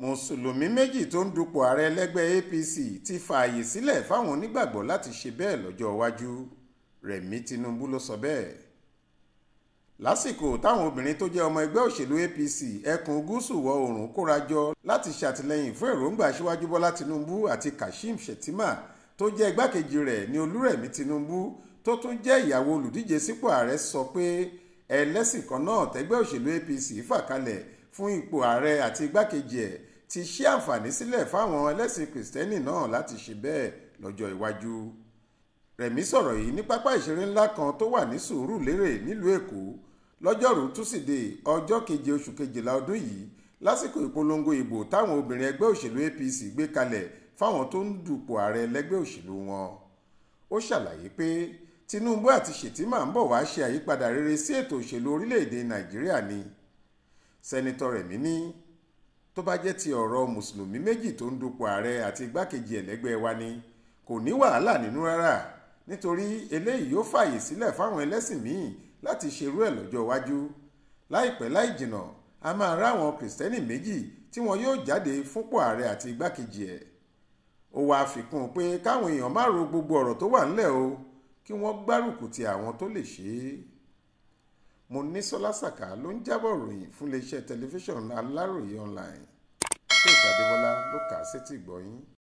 mùsùlùmí méjì tó ń dupò ààrẹ ẹlẹ́gbẹ́ apc ti fààyè sílẹ̀ fáwọn onígbàgbọ́ láti ṣe bẹ́ẹ̀ lọ́jọ́ iwájú rẹ̀mí tinubu ló sọ bẹ́ẹ̀ lásìkò táwọn obìnrin tó jẹ́ ọmọ ẹgbẹ́ òṣèlú apc ẹkùn gúúsù wọ oòrùn kóra jọ láti ṣàtìlẹ́yìn fún èròǹgbà aṣíwájú bọ́lá tinubu àti kashim shettima tó jẹ́ igbákejì rẹ̀ ní olúrẹ̀mí tinubu tó tún jẹ́ ìyàwó olùdíje sípò ààrẹ sọ pé ẹlẹ́sìn kan náà tẹ́gbẹ́ òṣèlú apc fà kalẹ̀ fún ipò ààrẹ àti igbákejì ẹ̀ ti ṣí àǹfààní sílẹ̀ fáwọn ẹlẹ́sìn kìrìsìtẹ́nì náà láti ṣe bẹ́ẹ̀ lọ́jọ́ iwájú rẹ̀mí sọ̀rọ̀ yìí ní pápá ìṣeré ńlá kan tó wà ní Sùúrùlérè nílùú Èkó lọ́jọ́rùú túsìdeè ọjọ́ keje oṣù kejìlá ọdún yìí lásìkò ìpolongo ìbò táwọn obìnrin ẹgbẹ́ òṣèlú APC gbé kalẹ̀ fáwọn tó ń dupò ààrẹ lẹ́gbẹ́ òṣèlú wọn ó ṣàlàyé pé Tinubu àti Shettima ń bọ̀ wá ṣe àyípadà rere sí ètò òṣèlú orílẹ̀-èdè Nàìjíríà ni sẹ́nitọ́ Rẹ̀mí ní tó bá jẹ́ ti ọ̀rọ̀ mùsùlùmí méjì tó ń dupò ààrẹ àti igbákejì ẹ̀lẹ́gbẹ́ wa ni kò ní wàhálà nínú rárá nítorí eléyìí yóò fààyè sílẹ̀ fáwọn ẹlẹ́sìn míì láti ṣerú ẹ̀ lọ́jọ́ iwájú láìpẹ́ láì jìnnà a máa ráwọn kìrìsìtẹ́nì méjì tí wọn yóò jáde fúnpọ̀ ààrẹ àti igbákejì ẹ̀ ó wàá fikún pé káwọn èèyàn má ro gbogbo ọ̀rọ̀ tó wà ńlẹ̀ o kí wọ́n gbárùkù ti àwọn tó lè ṣe é monísọ́lá sàká ló ń jábọ̀ ròyìn fún iléeṣẹ́ tẹlifíṣàn aláròye online faith adébọlá ló kà á sétí ìgbọ́yìn.